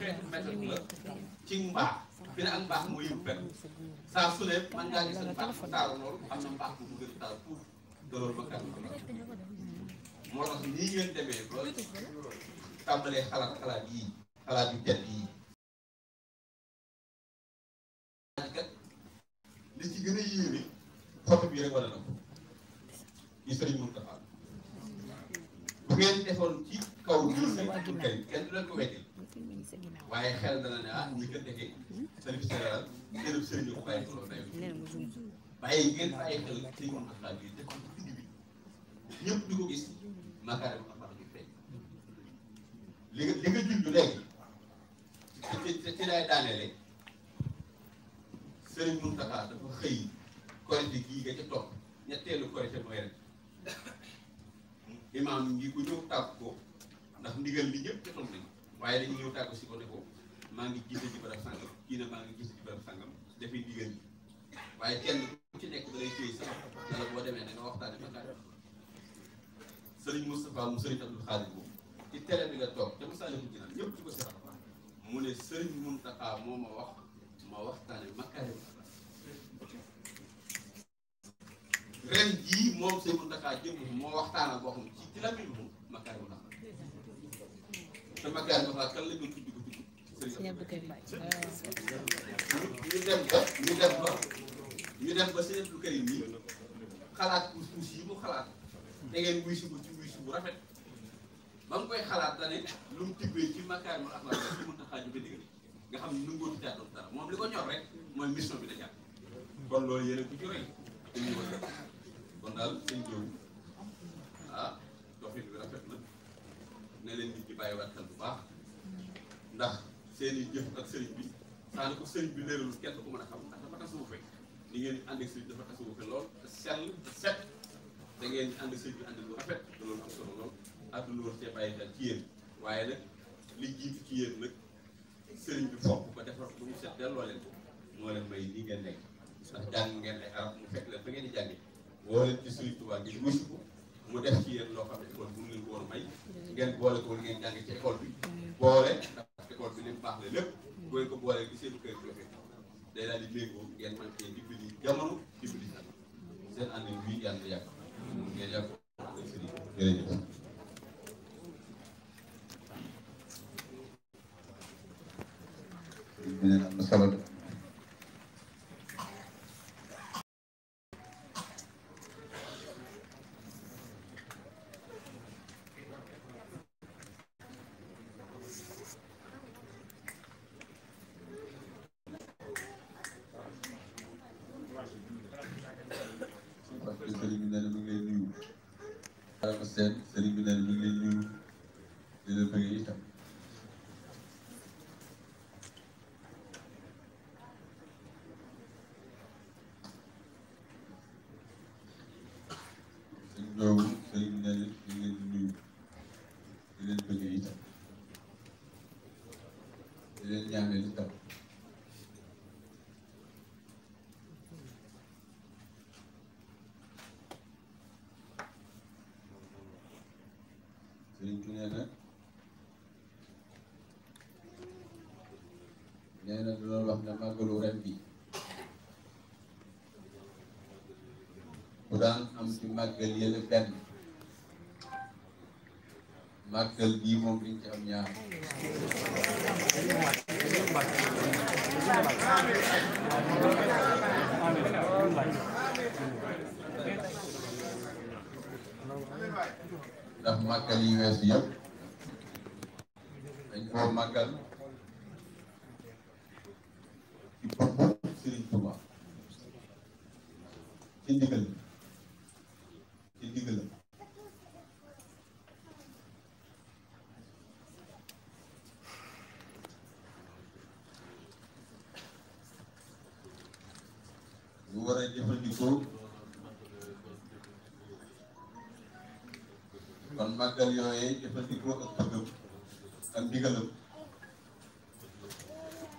xeetu méthode la ci mbaax fi ne ak mbaax moo yëngu fenn saa su ne man ngaa gis ak mbaax bu taaru loolu am na mbaax bu mu gën a taal pour te loolu ba kàddu ko moo tax nii ngeen demee ba tàmbalee xalaat xalaat yii xalaat yu jot yii. li ci gën a yéeme xottu bi rek wala na ko ñu sëriñ Moustapha bu ngeen defoon ci kaw bi sëriñ Abdou Karim kenn du leen ko wekkee. ngi sa ginnaaw waaye xel dana ah ñu gën dëggee sëriñ Sénégal gërëm sëriñ ñu ko bàyyi xel day nee mu jum ngeen bàyyi xel sëriñ Moustapha bi dëkk ko gis makaare bu Moustapha bi feeñ li nga li nga junj léegi ci ci laay daaneele sëriñ Moustapha dafa xëy korite gii nga ca topp ñetteelu korite mooy rek imaam ngi ko ñëw tàgg ko ndax ndigal li ñëpp jotoon waaye dañu ñëw tàggu si ko ne maa ngi jiite ci barab sàngam kii na maa ngi jiite ci barab sàngam dafay digal ñi waaye kenn ku ci nekk da boo demee da nga ba tàgg sëriñ Moustapha mu sëriñ bi nga toog te Masaalikul Jinaan ñëpp di ma wax ma waxtaane makkaare ren jii moom sëriñ Mountakha waxtaan ak boo xam ci ci te Maguette Moussa kan la ñu tudd ko tudd. sëñ Abdou Karim ñu dem ba ñu dem ba ñu dem xalaat puus puus yi mu xalaat da ngeen wuyu si ko ci wuyu si bu rafet nga xam ne nangootu jàddoon dara moom li ko ñor rek mooy mission bi da jàpp kon loolu yéen a ko kon daal sëñ Diop. ne leen nit ñi bàyyiwaat xel bu baax ndax seen i jëf ak sëriñ bi saa ni ko sëriñ bi léeralul kenn ko mën a xam ndax dafa tasawufe ni ngeen di ànd ak sëriñ dafa tasawufe set da ngeen di ànd ak sëriñ bi ànd lu rafet te loolu am ak lu war cee bàyyi xel waaye nag li jiitu ci nag sëriñ bi foog ba defar lu mu set delloo leen ko moo leen may li ngeen nekk ndax jàng ngeen ay arab mu fekk leen ba ngeen di jàngi woo leen ci sëriñ Tuubaa ngeen wusu ko mu def ci yéen loo xam ne école bu mu may ngeen boole ko ngeen jàng ci école bi boole ndax bi li baax la lépp booy ko boole gi seen kër joxe day daal di méngoo ngeen man cee dimbali jamono dimbali nag seen ànd bi yàlla yàgg ngeen yàgg ak sëriñ jërëjëf beneen am na solo di la bëgg itam sëñ doogu sëñ nel di leen nuyu di leen bëgg itam di leen ñaanal itam sëñ bi nee na nee na doon wax ne màggalu ren bu daan am ci màggal yële benn màggal bii moom liñ ci am ndax màggal yi weesu yëpp dañ koo màggal Touba ci ndigal ci ndigal lu war a jëfandikoo kon màggal yooyee jëfandikoo ak bëggam ak ndigalam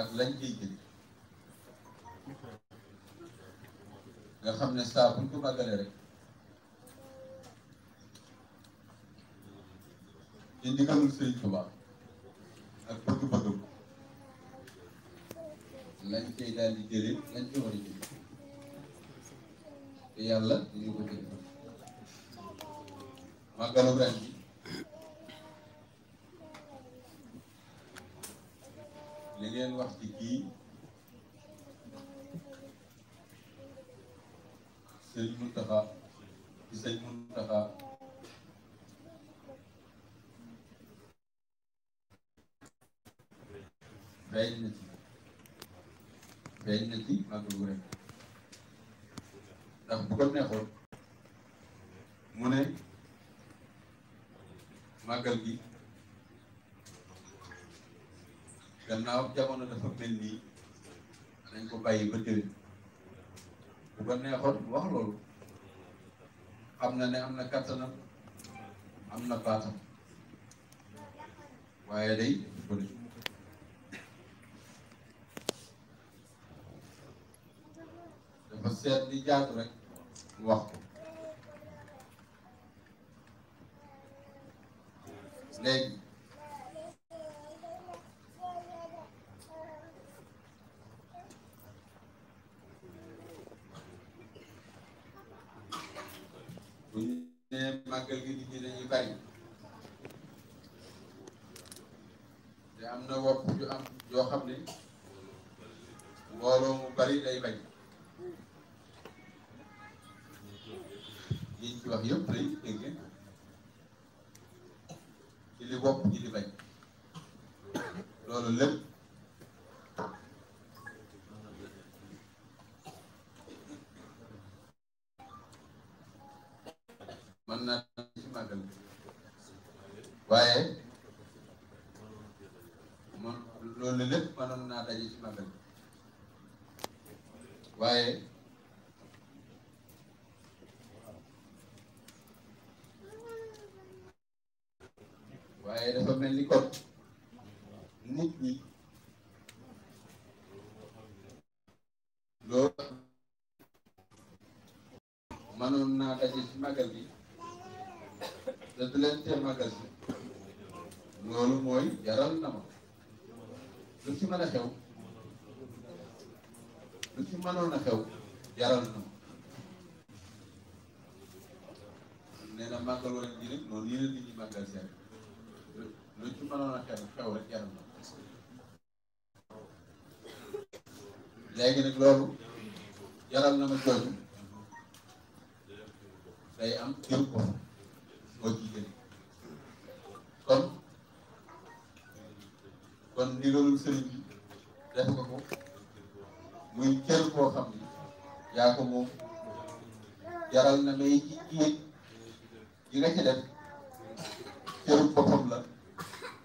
ak lañ ciy jël nga xam ne saa buñ ko màggalee rek ci ndigalul Sëriñ Tuubaa ak bëgg-bëggam lañ cay daal di jëlee lañ ci a jëlee yàlla dañu ko li ngeen wax ci kii sëriñ Muntaxa ci sëriñ Muntaxa feeñ na ci feeñ ci màggal gu ren ndax bu ko mu ne màggal gi gannaaw jamono dafa mel nii dañ ko bàyyi ba déwén bu ko neexoon wax loolu am na ne am na kattanam am na baatam waaye day dafa seet di jaatu rek wax ko te am na wopp yu am yoo xam ne mbooloo mu bari day bañ liñ ci wax yëpp lay dégge ci li wopp ci li bañ loolu lépp mën naa ci màggal waaye loolu lépp mënoon naa daje ci màggal waaye waaye dafa mel ni kon nit ñi loolu mënoon naa daje ci màggal loolu mooy jaral na ma lu ci a xew lu ci a xew jaral na nee na màggal wala ji rek noonu yeneen nit ñi màggal seen lu ci mënoon a xew xew rek jaral na léegi nag loolu jaral na ma jooju day am jur ko moo ci gën kon kon ndigalul sëriñ bi def nga ko muy cër koo xam ni yaa ko moom jaral na may ci jiit yi nga ci def cëru boppam la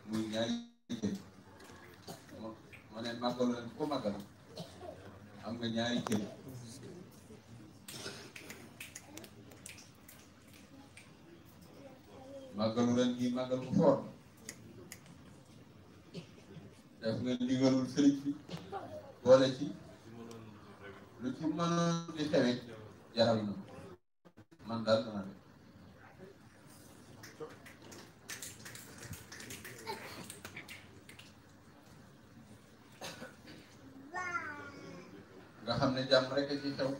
muy ñaari cër ma ne màggalu leen ko màggal am nga ñaari cër màggalu leen gi màggal def nga ndigalul sëriñ bi wala ci lu ci mënoon di xewee jaral na man daal dana nga xam ne jàmm rek a ci xew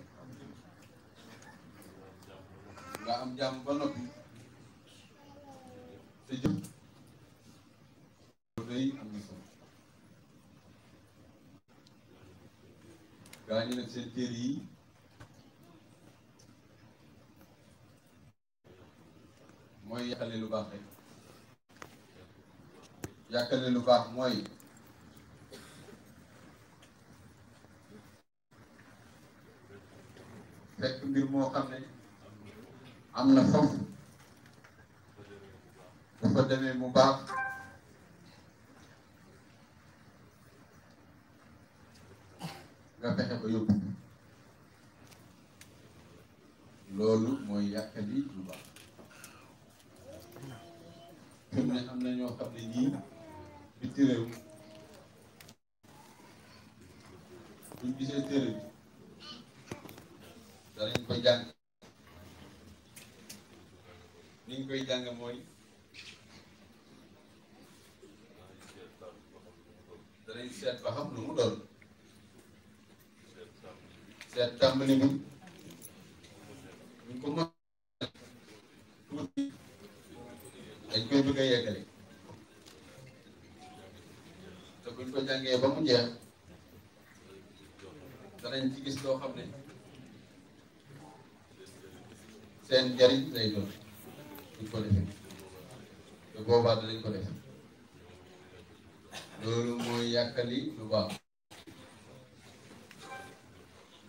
nga am jàmm ba noppi te jëm day gaa ñu nag seen téere yi mooy yàqale lu baax rek yàqale lu baax mooy fekk mbir moo xam ne am na foofu dafa demee mu baax nga fexe ba yóbbu loolu mooy yàqali lu baax fi mu ne am na ñoo xam ne ñii bitti réew buñ gisee téere bi danañ ko jàng ni ñu koy jàng mooy danañ seet ba xam lu mu doon seet tàmbali guñ buñ ko mën tuuti dañ koy bëgg a yeggale te buñ ko jàngee ba mu jeex danañ ci gis loo xam ne seen njariñ lay doon buñ ko defee te boobaa ko defee loolu mooy yàkkali lu baax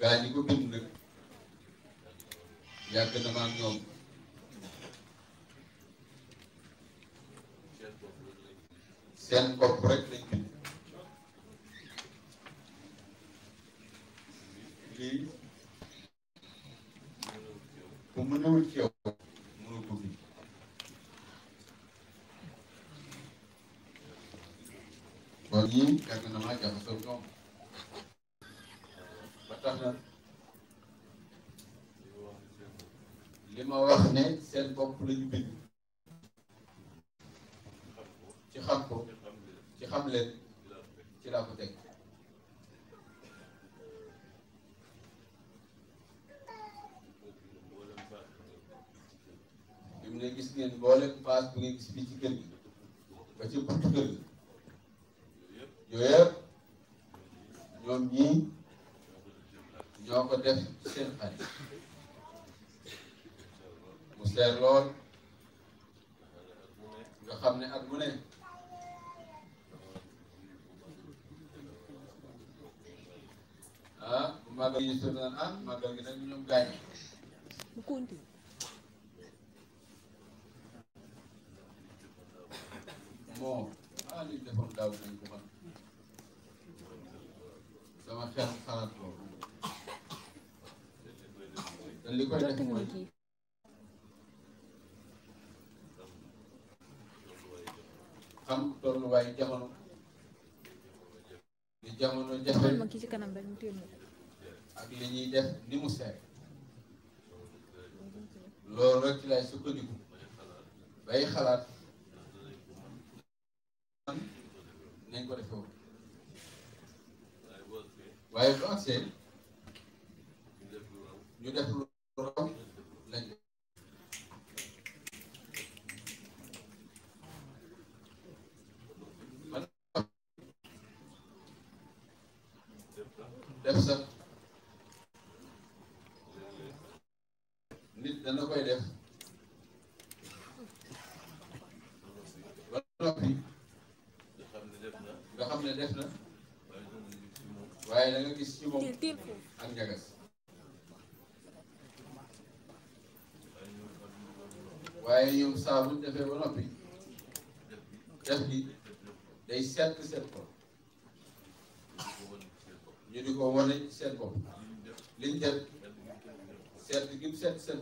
gaa ñi ko bind nag yàgg na ma ak ñoom seen bopp rek lañ bind lii bu mënewul ci yow mënoo ko bind kon ñii yàgg na ma jaxasoo ñoom li ma wax ne seen bopp la ñu bind ci xam ko ci xam leen ci laa ko teg bi mu ne gis ngeen mboolem paas bu ngeen gis fii ci kër gi ba ci buntu kër gi yooyu yëpp ñoom ñii ñoo ko def seen xarit seer lool nga xam ne at mu ne ah màggal yi sori naan ah màggal gi nag ñoom gaañu moo ah li ñu defoon daaw nañ ko man dama xel xalaat loolu te li koy def mooy xat-xatuwaayu jamono li jamono jafe ak li ñuy def ni mu seer loolu rek ci lay sukkandiku bay xalaat nañ ko defewoon waaye bu agsee ñu def def na waaye da gis ci moom ak njagas waaye ñoom saa defee ba noppi def gi day set seen bopp ñu di ko wane ci seen bopp liñ def set gi mu set seen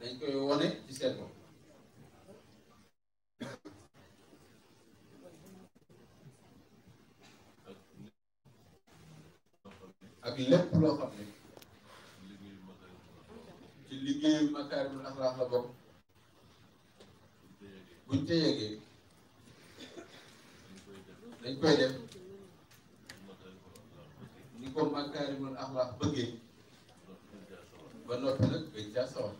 dañ koy wane ci seen bopp ak lépp loo xam ne ci liggéeyu makaarimul axlaaq la bokk buñ ca yegee dañ koy def ni ko makaarimul axlaaq bëggee ba noppi nag gën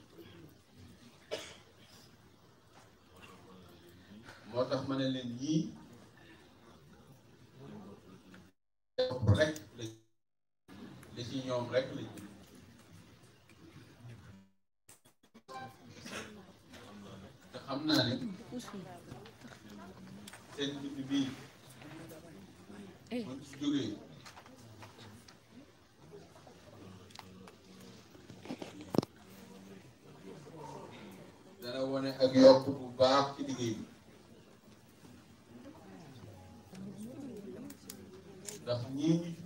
moo tax ma ne leen ñii ci ñoom rek te xam naa ne seen bind bii man eh. si jógee dana wane ak yokk bu baax ci liggéey bi